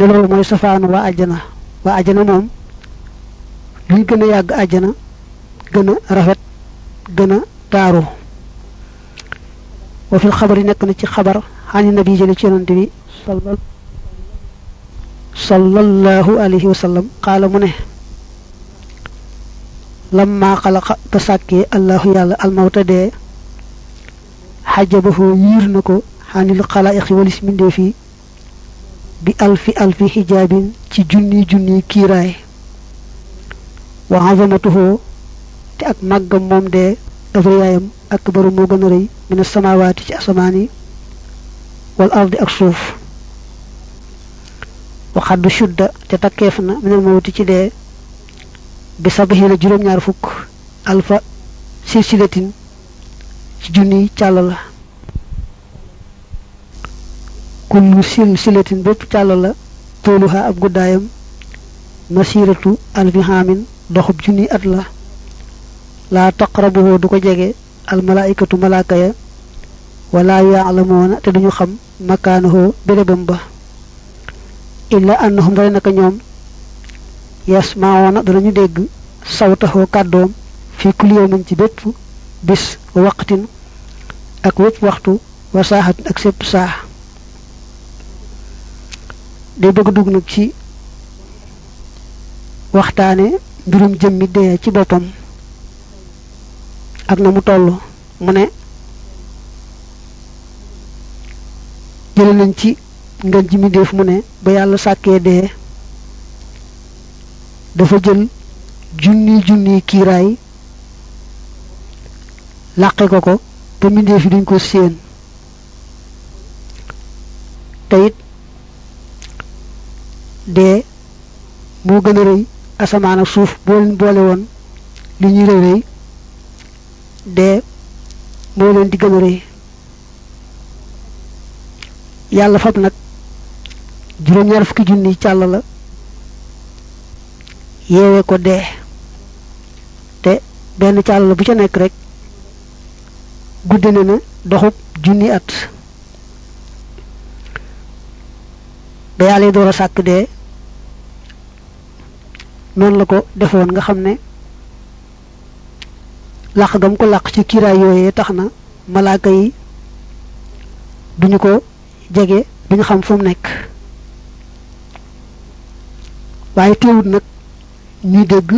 lelaw mooy safaanu waa àjjana waa àjjana moom luy gën a yàgg àjjana gën a rafet gën a taaru wa fil xabar yi nekk na ci xabar xani nabi jële ci yonante bi sallallahu alayhi wa sallam mu ne lamma xalaqa ba sàkkee allahu yàlla almawta dee xajabahu yiir na ko xanil xalaayiq yi walis mbindee bi alfi alfi xijaabin ci junni junni kiiraay wa azamatuhu te ak màggam moom de avriyaayam akbaru ci asamaan yi wal ak suuf waxaddu shudda te takkeef na minal mawti ci dee bi sabihi la ci junni càll la kullu silsilatin bépp càlla la tooluha ab guddaayam masiratu alfi xaamin doxub junni at la laa taqrabuhu du ko jege almalaaykatu malaaka ya wala yaalamoona te duñu xam makaanahoo bérébam ba illa annahum dara naka ñoom yasmaawoona danañu dégg sawtaxoo kàddoom fi kulli ci bépp bis waqtin ak wépp waxtu wa saaxatin ak sépp saax day bëgg dugg nag ci waxtaane mbirum jëmmi dee ci boppam ak na mu toll mu ne jële nañ ci ngeen ji mindéef mu ne ba yàlla sàkkee dee dafa jël junni junni kiiraay làqe ko ko ba mindéef yi duñ ko séen te dee moo gën a rëy asamaan ak suuf boo leen boole woon li ñuy rëy rëy dee moo leen di gën a rëy yàlla fab nag juróom-ñaar fukki junni càll la yeewee ko dee te benn càll la bu ca nekk rek guddi na na doxub junni at ba yàlla door sàkk dee noonu la ko defoon nga xam ne làq gam ko làq ci kiiraay yooyee tax na malaaka yi duñu ko jege duñu xam fu mu nekk waaye teewut nag ñuy dégg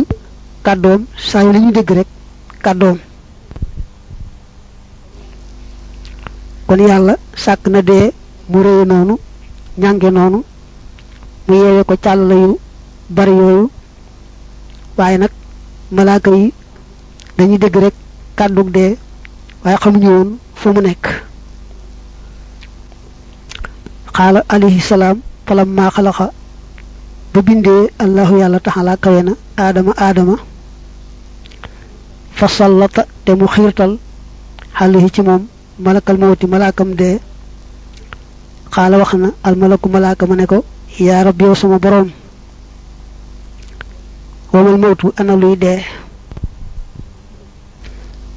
kàddoom saa yu ñuy dégg rek kàddoom kon yàlla sàkk na dee mu réye noonu ñànge noonu mu yeewe ko càll yu bari yooyu waaye nag malaaka yi dañuy dégg rek kàddug dee waaye xamuñu woon fu mu nekk xaala alayhi salaam falam maa xalaxa ba bindee allahu yàlla taxalaa kawe na aadama aadama fa sallata te mu xiirtal xalihi ci moom malakal mawti malaakam dee xaala wax na almalaku malaaka ma ne ko yaa rabbi yow sama boroom woomal mawtu ana luy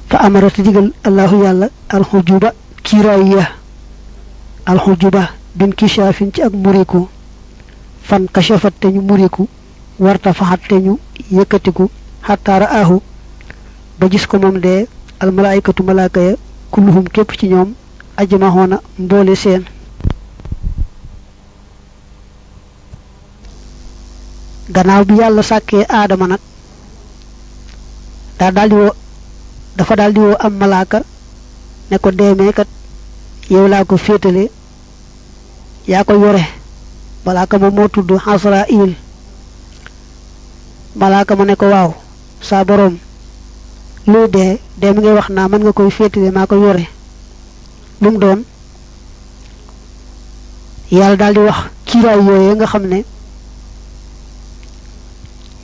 fa amara te digal allahu yàlla alxujuba kiraaya alxujuba bin kishaafin ci ak muriku fan kashafat te ñu muriku warta faxat ñu yëkkatiku xattaara aahu ba gis ko moom dee almalaayikatu malaaka ya kulluhum képp ci ñoom ajmaxoona mboole seen gannaaw bi yàlla sàkkee aadama nag daa daldi woo dafa daldi woo am malaaka ne ko deemeekat yow laa ko féetale yaa ko yore malaaka ma moo tudd Asraayil malaaka ma ne ko waaw saa boroom luy dee dee mi ngay wax naa mën nga koy féetale maa ko yore lu mu doon yàlla daldi wax kiiraay yooye nga xam ne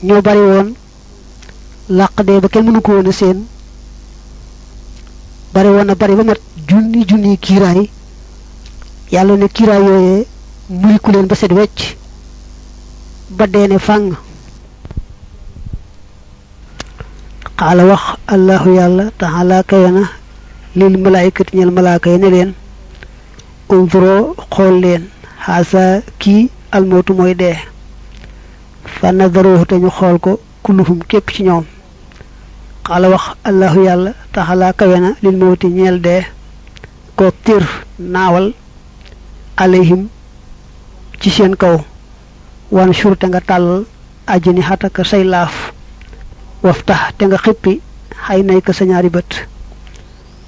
ñoo bari woon làq ba kenn mënu ko woon a seen bari woon na bari ba mat junni junni kiiraay yàlla ne kiiraay yooyee muriku leen ba set wecc ba dee ne fàng xaala wax allahu yàlla taxalaa na lil malaayikati ñel malaaka yi ne xool leen xaasa kii almootu mooy dee fa nadaruhu te ñu xool ko kulluhum képp ci ñoom xala wax allahu yàlla taxalaa kawe na lil mawti ñeel dee ko tir naawal alayhim ci seen kaw wan sur te nga tàllal ajini xataka say laaf waftax te nga xippi xay nay ko sa ñaari bët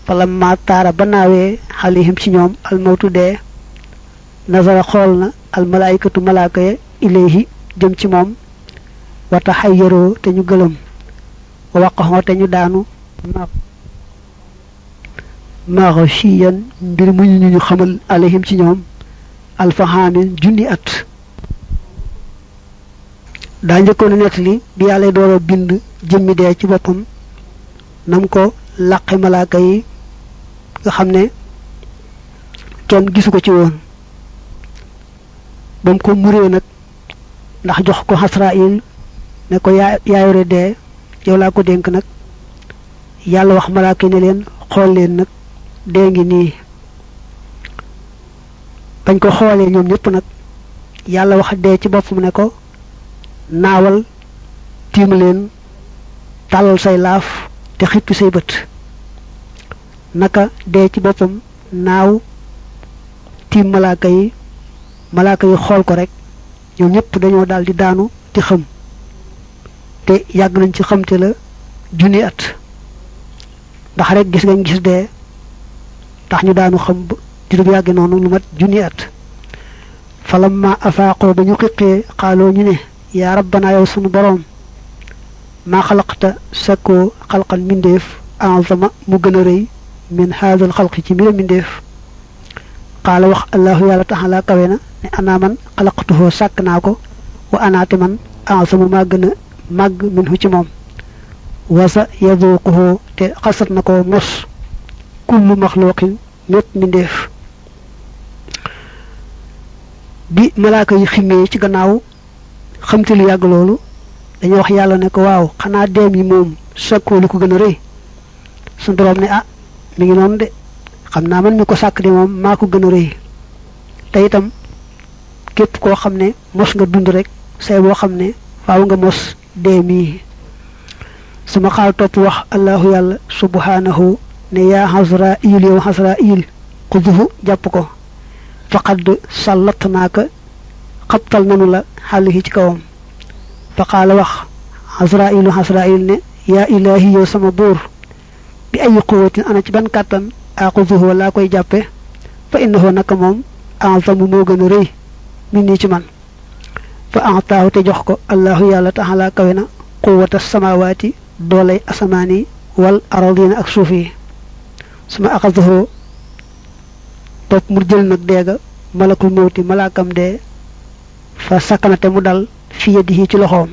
falamma taara ba naawee xalihim ci ñoom almawtu dee nazara xool na almalaykatu malaaka ya ilayhi jëm ci moom wata xayyaroo te ñu gëlëm wa waqaxoo te ñu daanu maaxo chiyan mbir mu ñu ñu xamal alayhim ci ñoom alfaxaamin junni at daa njëkkoon nett li bi yàlla door bind jëmmi dee ci boppam nam ko làqi malaaka yi nga xam ne kenn gisu ko ci woon ba ko muree nag ndax jox ko Asraayil ne ko yaa yaa yore dee yow laa ko dénk nag yàlla wax malaaka ne leen xool leen nag dee ngi nii bañ ko xoolee ñoom ñëpp nag yàlla wax dee ci boppam ne ko naawal tiim leen tàllal say laaf te xippi say bët naka dee ci boppam naaw tiim malaaka yi malaaka yi xool ko rek ñoom ñëpp dañoo daal di daanu ci xam te yàgg nañ ci xamte la junni ndax rek gis ngañ gis de tax ñu daanu xam di lu yàgge noonu lu mat junni at falamma afaaqoo ba ñu xiqee xaaloo ñu ne yaa rabbana yow sunu boroom maa xalaqta sakkoo xalqan mbindeef enzama mu gën a rëy min haadal xalqi ci mbira mbindeef xaala wax allahu yàlla taxalaa kawe na ne ana man xalaqtuhu sàkk naa ko wa anaati man a'zamu maa gën a màgg minhu ci moom wasa yaduquhu te xasat na ko mos kullu maxluqin mépp mbindeef bi malaaka yi ximmee ci gannaaw xam te lu yàgg loolu dañoo wax yàlla ne ko waaw xanaa deem yi moom sàkkoo lu ko gën a rëy suñu boroom ne ah mi ngi noonu de xam naa man mi ko sàkk de moom maa ko gën a rëy te képp koo xam ne mos nga dund rek boo xam ne faaw nga mos xaal topp wax allahu yàlla subhanahu ne yaa xasra il yow xasra jàpp ko faqad sàllat naaka xabtal nanu la xàll yi ci kawam faqaala wax xasra ilu xasra il ne yaa ilaahi yow sama buur bi ay quwatin ana ci ban kàttan aquduhu laa koy jàppe fa innahu naka moom azamu moo gën a rëy min nii ci man fa antaahu te jox ko allahu yàlla taala kawe na quwata samawaati doolay asamaan yi wal aradina ak suuf yi suma axasahoo topp mu jël nag deega malakul mawti malaakam dee fa sakkanate mu dal fi yadihi ci loxoom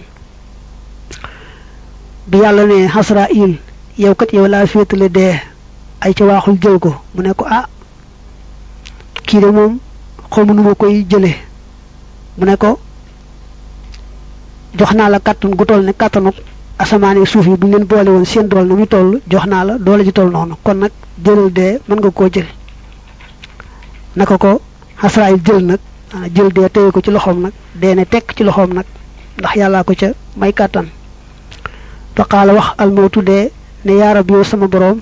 bi yàlla ne Asraayil yow kat yow laa féetale dee ay ca waaxul jël ko mu ne ko ah kii de moom xamu nu ma koy jële mu ne ko jox naa la kàttan gu toll ne kàttanuk asamaan suuf yi bu ñu leen boole woon seen dool na muy tollu jox naa la doole ji toll noonu kon nag jëlal dee mën nga koo jël naka ko Asraayil jël nag ah, jël dee téye ko ci loxoom nag dee ne tekk ci loxoom nag ndax yàllaa ko ca may kàttan fa wax almawtu dee ne yaa rab yow sama boroom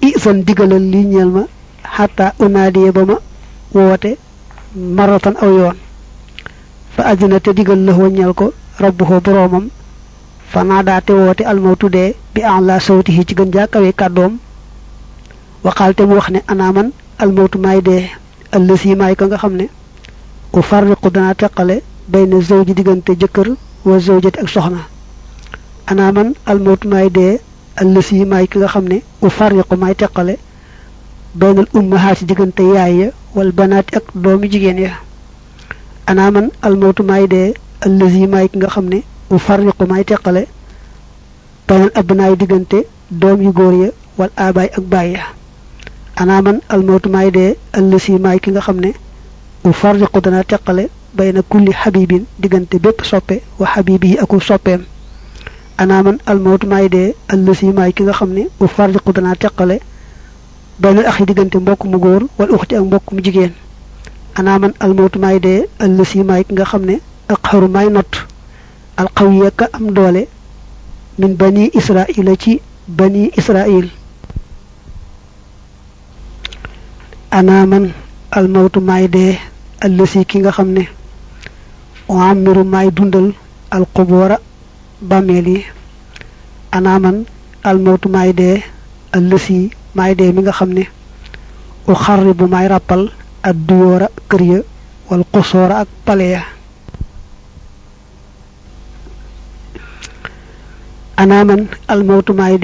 isan digalal lii ñeel ma xataa unaadiyee ba ma woote maratan aw yoon fa azina te digal la wàññal ko rabbuhu boroomam fanaa daate woote almawtu dee bi a'la sawtihi ci gën jàkkawee kàddoom waxaal te mu wax ne anaaman almawtu maay dee allësi maay ka nga xam ne u farriqu danaa teqale bayna zawji diggante jëkkër wa zawjati ak soxna nga xam ne u farriqu maay teqale baynal diggante yaay ya wal banaati ak doomi jigéen ya ana man almawtu maay dee allazi maay ki nga xam ne mu far farriqu maay teqale baynal abnaay diggante doom yu góor ya wal abaay ak baay ya man almawtu maay dee allazi maay ki nga xam ne u farriqu dana teqale bayna kulli xabibin diggante bépp soppe wa xabibi yi aku soppeem ana man almawtu maay dee allazi maay ki nga xam ne u farriqu dana teqale baynal axi diggante mbokk mu góor wal uxti ak mbokk mu jigéen ana man almawtu maay dee allësi maay ki nga xam ne u xaru maay not am doole min bani israila ci bani israil ana man almawtu maay dee allësi ki nga xam ne oamiru maay dundal alxuboora bàmmeel yi ana man dee mi nga xam ni u xarri bu maay ràppal ak duyoora kër ya wal xusoora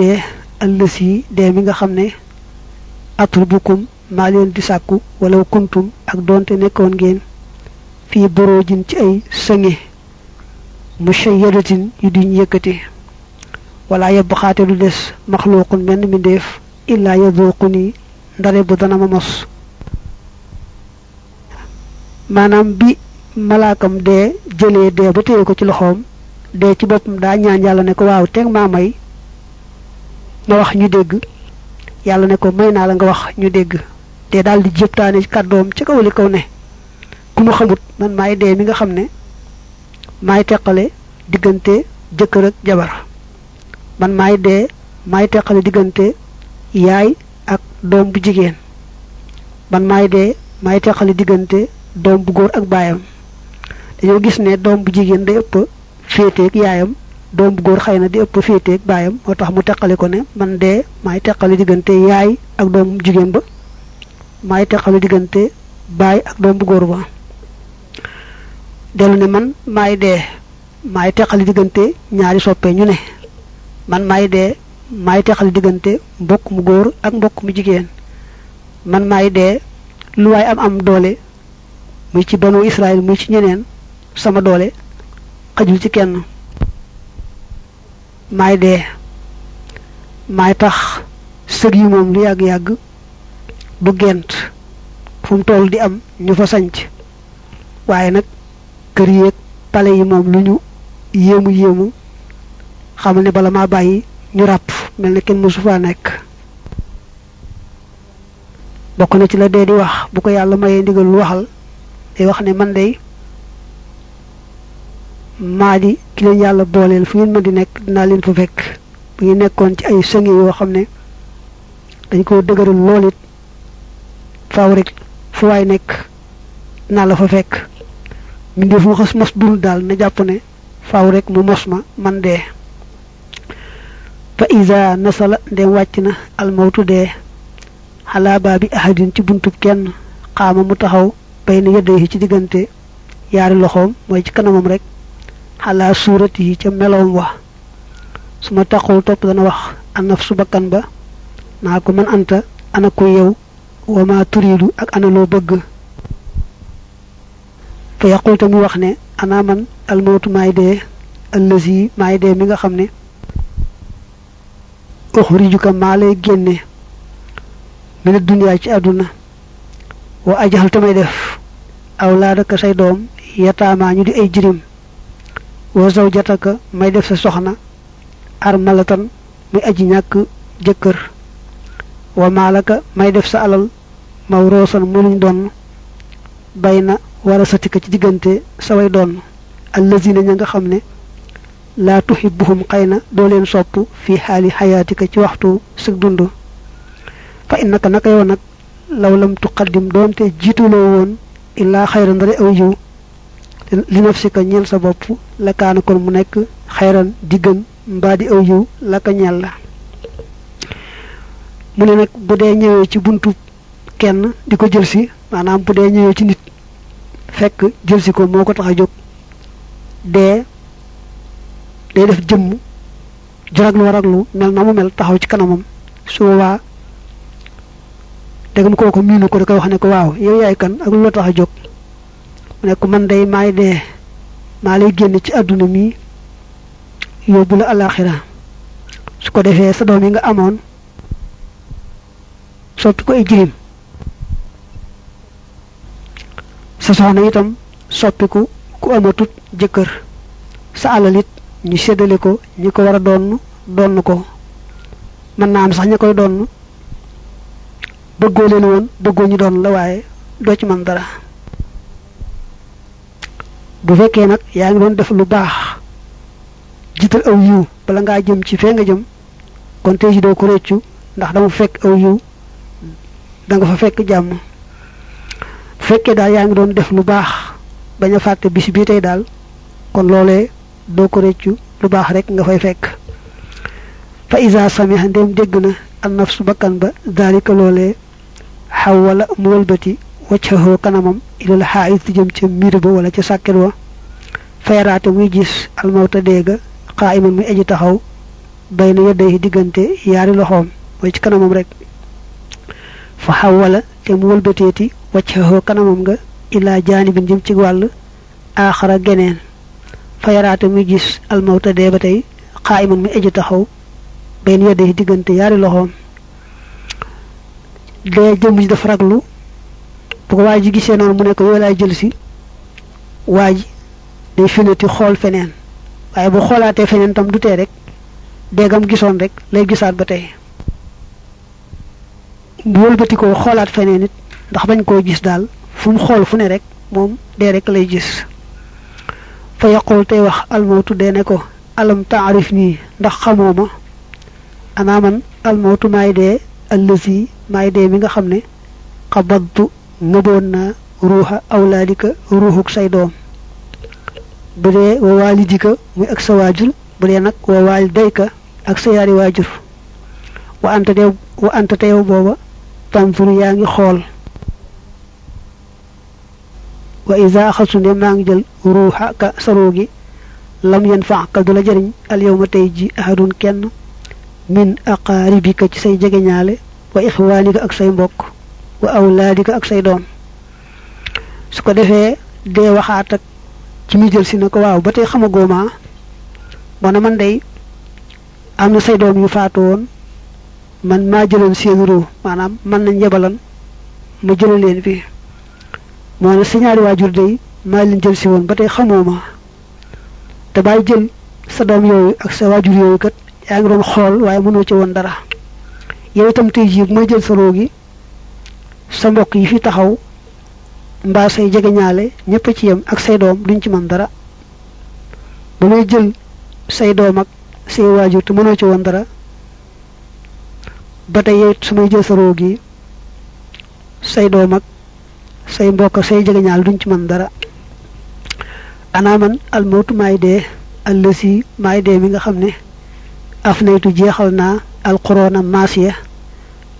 dee allësi dee mi nga xam ne atrubukum maa leen di sàkku wala kuntum ak doonte nekkoon ngeen fii borojin ci ay sëŋe mushayadatin yu duñ yëkkati wala yebb xaate du des maxluuqun menn mbindéef illaa yaduuqu ni ndare bu dana ma mos maanaam bi malaakam dee jëlee dee ba téye ko ci loxoom dee ci boppam daa ñaan yàlla ne ko waaw teg maa may ma wax ñu dégg yàlla ne ko may naa la nga wax ñu dégg dee daal di jëptaane kàddoom ca kaw li kaw ne ku ma xamut man maay dee mi nga xam ne maay teqale diggante jëkkër ak jabar man maay dee maay teqale diggante yaay ak doom bu jigéen man maay dee maay teqale diggante doom bu góor ak baayam dañoo gis ne doom bu jigéen day ëpp féeteeg yaayam doom bu góor xëy na di ëpp féeteeg baayam moo tax mu teqali ko ne man dee maay teqali diggante yaay ak doom jigéen ba maay teqali diggante baay ak doom bu góor ba dellu ne man maay dee maay teqali diggante ñaari soppe ñu ne man maay dee maay teqali diggante mbokk mu góor ak mbokk mu jigéen man maay dee lu waay am am doole muy ci banu Israël muy ci ñeneen sama doole xajul ci kenn maay dee maay tax sëg yi moom lu yàgg-yàgg bu gent fu mu toll di am ñu fa sanc waaye nag kër yeeg pale yi moom lu ñu yéemu yéemu xamal ne bala ma bàyyi ñu ràpp mel na kenn mësu faa nekk bokk na ci la dee di wax bu ko yàlla mayee ndigal lu waxal day wax ne man day maa di ki leen yàlla booleel fu ngeen mën di nekk dinaa leen fa fekk bu ñu nekkoon ci ay sëngi yoo xam ne dañ koo dëgërul lool it faaw rek fu waay nekk dinaa la fu fekk mbindeef mu xas mos dund daal na jàpp ne faaw rek mu mos ma man dee fa isa nasala ndem wàcc na almawtu dee xalaa bi ahadin ci buntu kenn xaama mu taxaw bayna yadayhi ci diggante yaari loxoom mooy ci kanamam rek xalaa suurati yi ca meloom wa su ma taqul topp dana wax anaf su bakkan ba naa ko man anta ana ko yow wa ma turiidu ak ana bëgg fa yaqul te mu wax ne ana man almawtu maay dee allazi maay dee mi nga xam ne uxrijuka maa lay génne mina duniyaa ci àdduna wa ajaxal tamay def aw awlaadaka say doom yataamaa ñu di ay jirim wa zawjataka may def sa soxna armalatan muy aji ñàkk jëkkër wa maalaka may def sa alal mawroosan mu luñ doon bay na war a ci diggante saway doon allazina ña nga xam ne laa tuhibuhum xëy na doo leen sopp fii xaali xayaatika ci waxtu sëg dund fa innaka naka yow nag law lam tuqaddim doonte jiituloo woon illaa xayran ndare aw yiw li nafsika ñeel sa bopp la kaana kon mu nekk xayran di gën mbaa di aw yiw la ka ñeel la mu ne nag bu dee ñëwee ci buntu kenn di ko jël si maanaam bu dee ñëwee ci nit fekk jël si ko moo ko tax a jóg dee day def jëmm ju raglu waraglu mel na mu mel taxaw ci kanamam su boobaa tegam kooku miinu ko da koy wax ne ko waaw yow yaay kan ak lu la tax a jóg mu ne ko man day maay dee maa lay génn ci àdduna mi yóbbu la alaxira su ko defee sa doom yi nga amoon sotti ko ay jirim sa soxna itam soppiku ku amatut jëkkër sa alal ñu seddale ko ñi ko war donn donn ko mën naa am sax ña koy donn bëggoo leen woon bëggoo ñu doon la waaye doo ci mën dara bu fekkee nag yaa ngi doon def lu baax jiital aw yiw bala ngaa jëm ci fee nga jëm kon tey ji doo ko réccu ndax dama fekk aw yiw da fa fekk jàmm bu fekkee daal yaa ngi doon def lu baax bañ a fàtte bis bii tey daal kon loolee doo ko réccu lu baax rek nga fay fekk fa isa samiha ndéem dégg na an su bakkan ba daalika loolee xaw xawala mu wëlbati waccaxoo kanamam ilal xaayit jëm ca miir ba wala ca sàkket wa fayraate muy gis almawta déega xaa iman muy aji taxaw bay na yedday diggante yaari loxoom mooy ci kanamam rek fa xawala te mu wëlbateeti waccaxoo kanamam nga ilaa jaanibin jëm ci wàll aaxara geneen fayaraate muy gis almawta dee ba tey xaa iman muy aji taxaw bay na yedday diggante yaari loxoom dee jëm ji dafa raglu bu ko waa ji gisee noonu mu nekk yooyu laay jël si waa ji day finati xool feneen waaye bu xoolaatee feneen tam du tee rek déggam gisoon rek lay gisaat ba tey bu wëlbatikoo xoolaat feneen it ndax bañ koo gis daal fu xool fu ne rek moom dee rekk lay gis fa yaqul tey wax almawtu dee ne ko alam taarif nii ndax xamoo ma anaa man almawtu maay dee allazi maay dee mi nga xam ne xabadtu ngëboon naa ruuxa awlaadika ruuxuk say doom bu dee wa waalidika muy ak sa waajur bu dee nag wa waalidayka ak sa yaari waajur wa anta booba tanzur yaa ngi xool wa isa xasu maa ngi jël ruuxa ka saroo gi lam yan faax ka du la jëriñ al yow ma tey ji ahadun kenn min aqaaribika ci say jegeñaale wa ixwaanika ak say mbokk wa awlaadika ak say doom su ko defee dee waxaat ak ci mu jël si na ko waaw ba tey xamagoo ma moo ne man dey am na say doom yu faatu woon man maa jëloon seen ruu maanaam man nañ yebalan ma jële leen bi moo ne sa ñaari waajur day maa leen jël si woon ba tey xamoo ma te bàyyi jël sa doom yooyu ak sa waajur yooyu kat yaa ngi doon xool waaye mënoo ci woon dara yow itam tey jii mooy jël sa roo gi sa mbokk yi fi taxaw mbaa say jegeñaale ñëpp ci yem ak say doom duñ ci mën dara ba may jël say doom ak say te mënoo ci woon dara ba tey yow su may jël sa roo gi say doom ak say mbokk say jegeñaale duñ ci mën dara anaaman man mawtu maay dee allësi maay dee mi nga xam ne afnaytu jeexal naa alqurona maasiya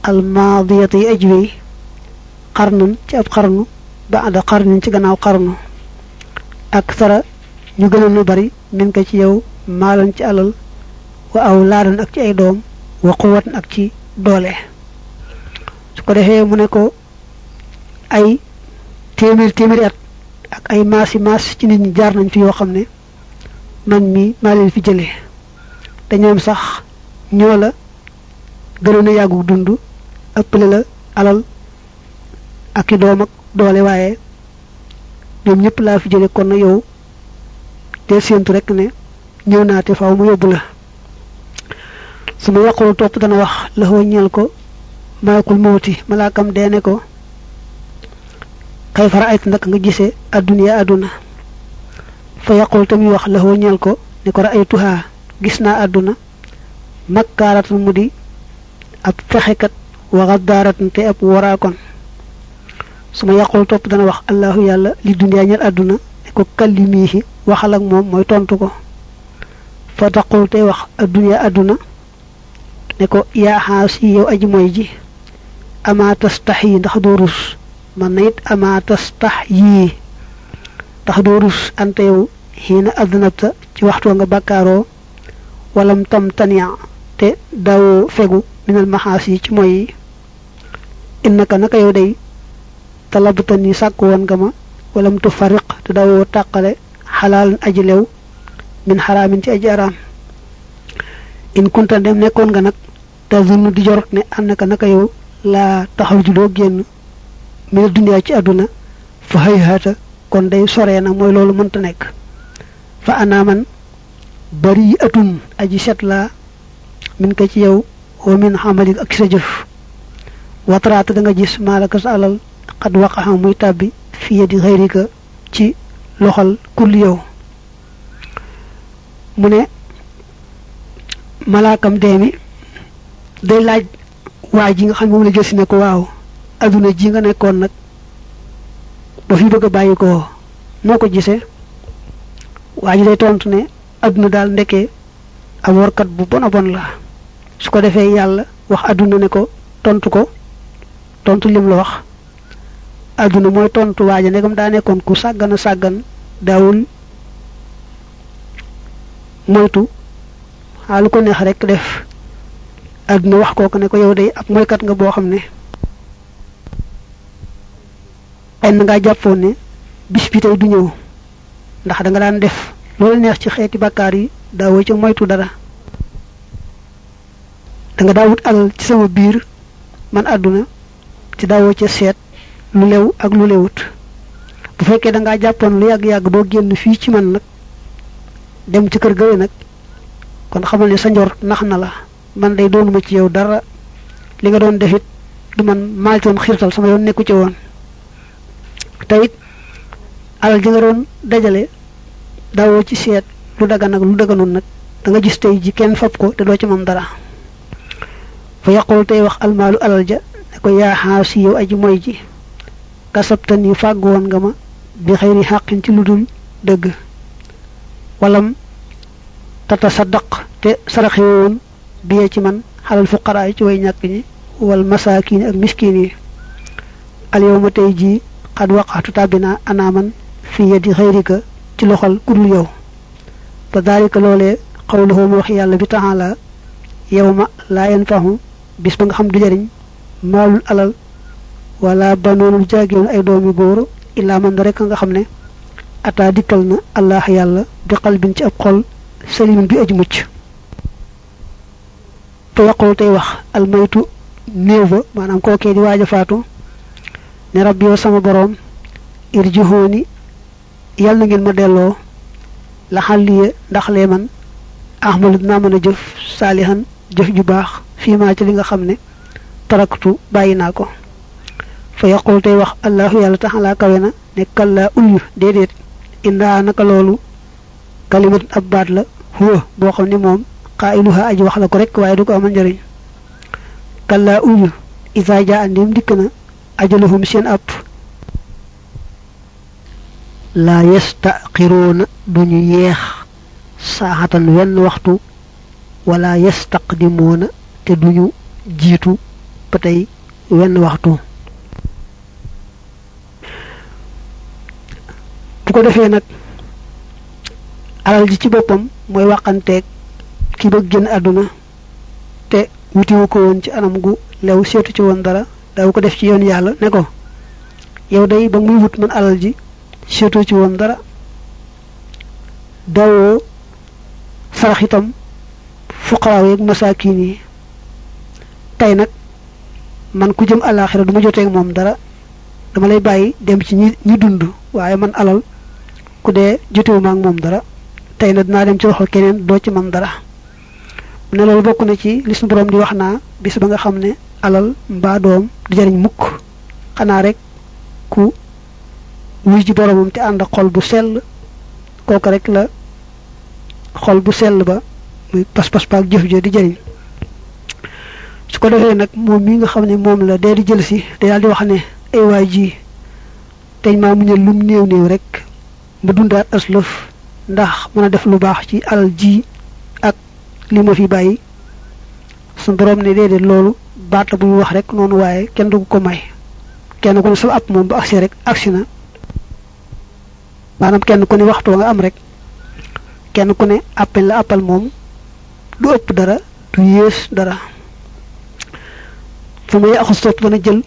almaadiyata yi aj wey xarnun ci ab xarnu baada xarnun ci gannaaw xarnu ak sara ñu gënal nu bari min ko ci yow maalan ci alal wa aw laadan ak ci ay doom wa quwatan ak ci doole su ko defee mu ne ko ay téeméer téeméeri at ak ay maasi maas ci nit ñi jaar nañ fi yoo xam ne man mi maa leen fi jëlee te ñoom sax ñoo la gënoon a yàggu dund ëppale la alal ak i doom ak doole waaye ñoom ñëpp laa fi jële kon na yow del séentu rek ne ñëw naa te faaw mu yóbbu la su ma topp dana wax la wàññeel ko malakul mawti malaakam dee ne ko kay fara ayt nag nga gisee adduna adduna fa yaqul tamit wax la wàññeel ko ne ko ra tuhaa gis naa àdduna makkaaratun mu di ab fexekat wa gaddaaratun te ab waraakon su ma yàqul topp dana wax allahu yàlla li dunyaa ñel àdduna ne ko kallimiihi waxal ak moom mooy tontu ko fa taqul tey wax addunyaa àdduna ne ko yaa xaas yi yow aji mooy ji ama tastax yi ndax doo man na it ama tastax yii ndax doo rus ante yow xiina adnabta ci waxtu nga bàkkaaroo walla mu tam tania te daawoo fegu minal maxaas yi ci moy yi innaka naka yow day talabtan yi sàkk woon nga ma walam tu fariq te daawoo tàqale xalaalan aji lew min xaraamin ci aji araam in kunta dem nekkoon nga nag te zunnu di jorot ne annaka naka yow laa taxaw ju doo génn minal duniyaa ci àdduna fa xëy xaata kon day soree na mooy loolu mënta nekk fa anaaman bari atun aji set laa min ko ci yow wa min xamalik ak sa jëf wataraata da nga gis maalaka sa alal xad waqaxa muy tàbbi fiye di xayrika ci loxol kull yow mu ne malaakam deemi day laaj waa ji nga xam ne moom la jël si ne ko waaw adduna ji nga nekkoon nag ba fi bëgg a bàyyi ko noo ko gisee waa ji day tontu ne adduna daal ndekee am warkat bu bon a bon la su ko defee yàlla wax adduna ne ko tontu ko tontu lim la wax adduna mooy tontu waaja ndegam daa nekkoon ku sàggan a sàggan daawul moytu xaa lu ko neex rek def adduna wax kooku ne ko yow day ab moykat nga boo xam ne xëy na ngaa jàppoon ne bis bi tey du ñëw ndax danga daan def loola neex ci xeeti bàkkaar yi daawoo ca moytu dara danga nga daawut alal ci sama biir man àdduna ci daawoo ca seet lu lew ak lu lewut bu fekkee da ngaa jàppoon lu yàgg-yàgg boo génn fii ci man nag dem ci kër gële nag kon xamal ne sa njor nax na la man day doonuma ci yow dara li nga doon def it du man maa doon xiirtal sama yoon nekku ci woon te it alal ji doon dajale daawoo ci seet lu dagan ak lu daganoon nag danga nga gis tey ji kenn fab ko te doo ci moom dara fa yaqul tey wax almaalu alal ja ne ko yaa xaasi yow aji moy ji kasabta fàgg woon nga ma bi xëyri xàqin ci lu dul dëgg walam tata saddaq te saraxe woon biyee ci man xalal fuqaraa yi ci way ñàkk ñi wal masaakiin ak miskiin yi al yow ma tey jii xad waqaxtu tàbbi naa anaaman fi yadi xëyrika ci loxol ku dul yow fa daalika loolee xawluhu mu wax yàlla bi taala yow ma laa yanfahu bis ba nga xam du jariñ maalul alal wala banoonul jaagiwoon ay yu góor illaa man rek nga xam ne ataa dikkal na allah yàlla bi qalbin ci ab xol salimin bi aji mucc te waqul tey wax almaytu néew ba maanaam kookee di waaj a faatu ne rabbi yow sama boroom irjihooni yàlla ngeen ma delloo la xàlliya ndax lee man ahmalu dinaa mën a jëf saalihan jëf ju baax fii maa ci li nga xam ne taraktu bàyyi naa ko fa yaqul tey wax allahu yàlla taxalaa kawe na ne kallaa ulyu déedéet indaa naka loolu kalimat ab baat la huwa boo xam ne moom qaa'iluha aji wax la ko rek waaye du ko amal njëriñ kallaa ulyu isaa jaa andim dikk na ajaluhum seen app la laa yastaxiroona ñu yeex saaxatan wenn waxtu wala yastaqdimoona te duñu jiitu ba tey wenn waxtu bu ko defee nag alal ji ci boppam mooy waxanteeg ki bëgg génn àdduna te wutiwu ko woon ci anam gu lew seetu ci woon dara daaw ko def ci yoon yàlla ne ko yow day ba muy wut man alal ji seetoo ci woon dara dawoo sarax itam fuqaraaw yeeg masaakiin yi tey nag man ku jëm àllaaxira duma ma joteeg moom dara dama lay bàyyi dem ci ñi ñi dund waaye man alal ku dee jotewuma ak moom dara tey nag dinaa dem ci loxo keneen doo ci man dara mu ne loolu bokk na ci li suñu di wax naa bis ba nga xam ne alal mbaa doom di jariñ mukk xanaa rek ku wuy ji boromam te ànd ak xol bu sell kooku rek la xol bu sell ba muy pas-pas baak jëf jo di jëriñ su ko defee nag moom mi nga xam ne moom la dee di jël si day daal di wax ne ay waay ji dañ mu muñal lum néew néew rek ba dundaat aslëf ndax mën a def lu baax ci alal ji ak li ma fi bàyyi su borom ne déedéet loolu baat la bu ñu wax rek noonu waaye kenn du ko may kenn ko ne sa ab moom ba agsi rek agsi na maanaam kenn ku ne waxtu nga am rek kenn ku ne appel la appel moom du ëpp dara du yées dara fu muy axu soot dana jël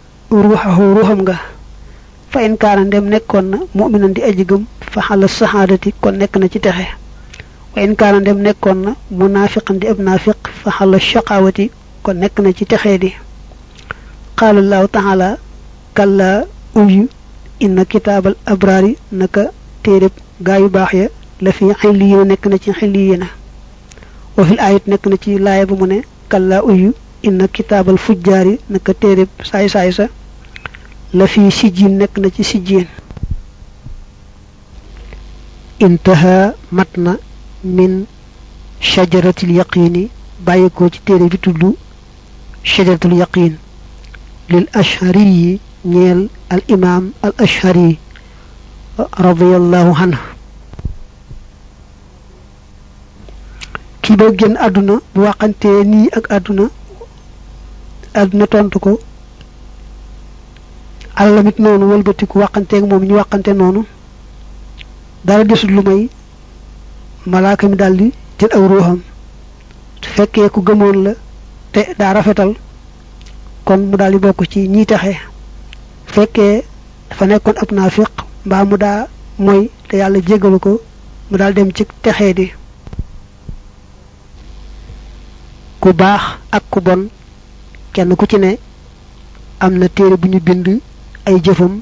ruuxahu ruuxam nga fa in ndem nekkoon na muminan di aji gëm fa xala saxaadati kon nekk na ci texe wa nekkoon na munaafiqan di ab naafiq fa xala shaqaawati kon na ci texee di inna kitaabal abraari naka téeréb gaa yu baax ya la fi xilli yi nekk na ci xilli yi na wa fil ayit nekk na ci laaya ba mu ne kallaa uyu inna kitaabal fujjaari naka téeréb saay-saay sa la fi sijjiin nekk na ci sijjiin intaha mat na min shajaratil yaqiini bàyyikoo ci téere bi tudd shajaratul yaqiin lil ashari yi ñeel al imaam al ashari radiyallahu anhu kii doog génn àdduna bu waxantee nii ak àdduna àdduna tontu ko àllamit noonu wëlbatiku waxanteeg moom yi ñu waxante noonu dara desul lu may malaaka mi daldi jël aw ruuxam su fekkee ku gëmoon la te daa rafetal kon mu daldi bokk ci ñiy taxe fekkee dafa nekkoon ab naafiq mbaa daa mooy te yàlla jégalu ko mu daal dem ci texee di ku baax ak ku bon kenn ku ci ne am na téere bu ñu bind ay jëfam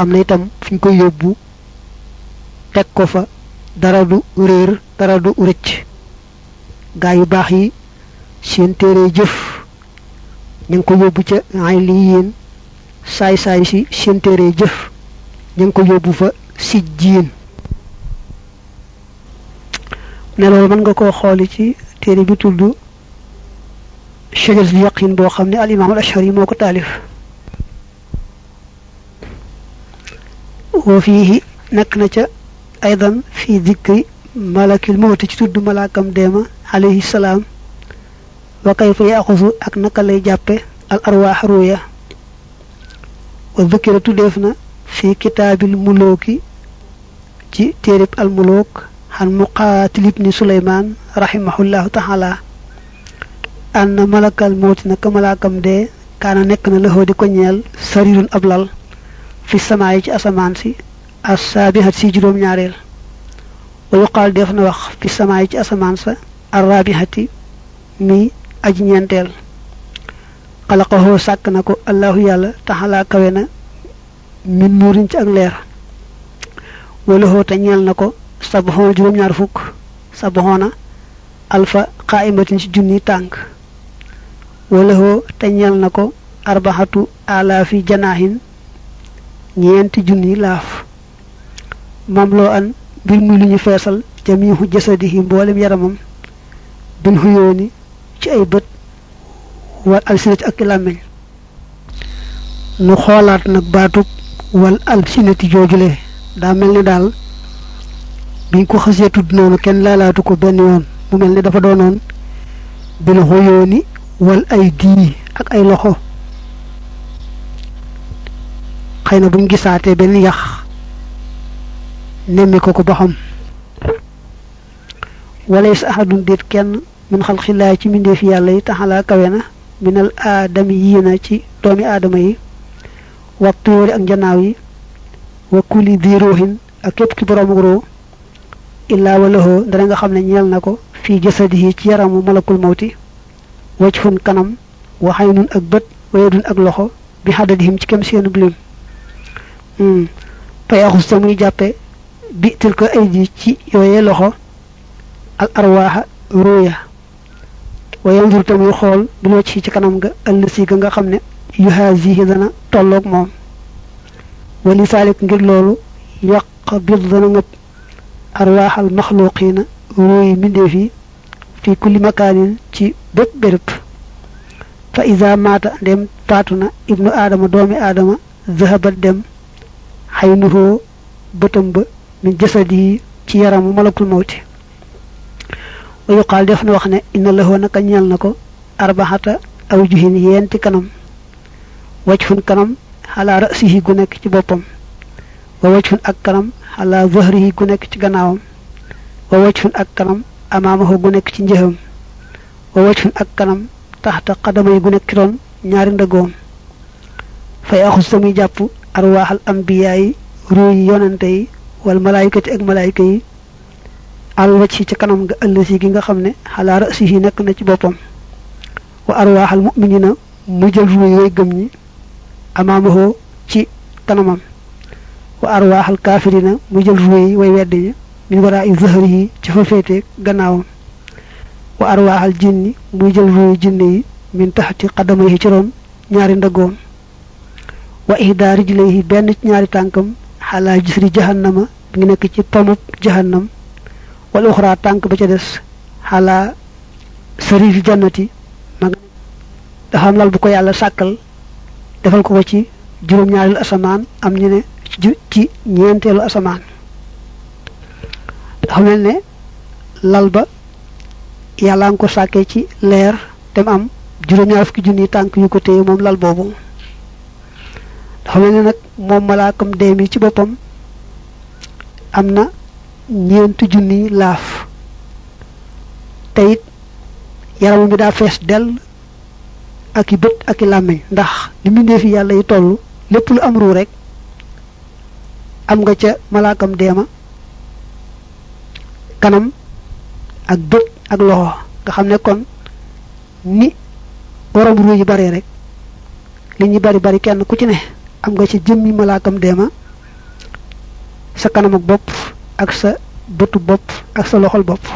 am na itam fi ñu koy yóbbu teg ko fa dara du réer dara du rëcc gaa yu baax yi seen téere jëf ñu ngi ko yóbbu ca ay lii saay saay si seen téere jëf ña ko yóbbu fa si jiin mën nga koo xooli ci téere bi tudd shajaratul yaqin boo xam ne al imaam ashari moo ko taalif wa fiihi nekk na ca aydan fii dikri malakil ci tudd malaakam deema alayhi salaam wa kayfa yaaxusu ak naka lay jàppe al arwaax ruya wa dhukira tuddeef na fi kitaabil mulooki ci téerib al mulook xan muqaatil ibni suleymaan rahimahullahu taala anna malakal mawti naka malaakam dee kaana nekk na lëxoo di ko ñeel sarirun ab lal fi samaa yi ci asamaan si assaabihat si juróom-ñaareel wa def na wax fi samaa yi ci asamaan sa arraabihati mi aji ñeenteel xalaqahoo sàkk na ko allahu yàlla taxalaa kawe na min nuuriñ ci ak leer wala xoote ñeel na ko sabaxoona juróom-ñaar fukk sabaxoona alfa xaaimatin ci junni tànk wala te ñeel na ko arbaxatu alaafi janaahin ñeenti junni laaf moom loo an mbir muy lu ñu feesal jamiixu jasadihi mboolem yaramam bin xuyooni ci ay bët war alsinati ak i nu xoolaat nag baatub wal alsinati joojule daa mel ni daal biñ ko xasee tudd noonu kenn laalaatu ko benn yoon mu mel ni dafa doonoon bil xoyooni wal ay dii ak ay loxo xëy na buñ gisaatee benn yax nemmi ko ko ba xam wala sa ahadun déet kenn min xalqillaay ci mbindeefi yàlla yi taxalaa kawe na minal aadami yii na ci doomi aadama yi wa tuuri ak janaaw yi wa kulli di ruuxin ak képp ki boroomu roo illaa walahoo dara nga xam ne ñeel na ko fii jasadihi ci yaramu malakul mawti wajhun kanam wa aynun ak bët wa yadun ak loxo bi xadadihim ci kem seenu lim payaxus hmm. sa muy jàppe bi tilka ay ci yooyee loxo al arwaaxa ruuya wa yanzur tamuy xool bil wajhi ci kanam nga ëllësi ga nga xam ne yu haasihi dana tolloog moom wali saalik ngir loolu yàq bir dana ngëpp arwaaxal maxluqiina ruuyi mbindeef yi fi kulli makaanin ci bépp béréb fa maata ndem faatu na ibnu aadama doomi aadama zahabat dem xaynuhoo bëtam ba min jasadi ci yaramu malakul mawti wa yuqaal def na wax ne inna lahoo naka ñeel na ko arbaxata aw juhin yeenti kanam wajhun kanam ala ra'sihi gu nekk ci boppam wa wajhun ak kanam ala zahrihi gu nekk ci gannaawam wa wajhun ak kanam amaamahu gu nekk ci njëxam wa wajhun ak kanam taxta xadamay gu nekk ci roon ñaari ndëggoom fay axu samuy jàpp arwaaxal ambiyaa yi ruu yi yonante yi wal malaayikati ak malaayika yi alwaj ci kanam nga ëllësi gi nga xam ne xalaa rasihi nekk na ci boppam wa arwaaxal muminina mu jël ruu yooyu gëm ñi amaamahoo ci kanamam wa arwaaxal kaafirina mu jël ruwe way wedd yi féete gannaawam wa arwaaxal jinni muy jël ruwe jinne yi min taxati xadama yi ci roon ñaari ndëggoom wa ihdaa rijlayhi benn ñaari tànkam xalaa jisri jahannama bi ngi nekk ci pomub jahannam wal uxraa tànk ba ca des xalaa sarifi jannati ma nga lal bu ko yàlla sàkkal defal ko ko ci juróom-ñaareelu asamaan am ñu ne ci ñeenteelu asamaan dafa mel ne lal ba yàllaa ngi ko sàkkee ci leer te am juróom-ñaar fukki junni tànk yu ko téye moom lal boobu dafa mel ne nag moom malaakam dee mi ci boppam am na ñeent junni laaf te yaramam bi daa fees dell ak i bët ak i làmmiñ ndax li mbindee fi yàlla yi toll lépp lu am ruu rek am nga ca malaakam deema kanam ak bët ak loxo nga xam ne kon ni borom ruu yi bare rek li ñu bari bari kenn ku ci ne am nga ca jëmmi malaakam deema sa kanam ak bopp ak sa bëtu bopp ak sa loxol bopp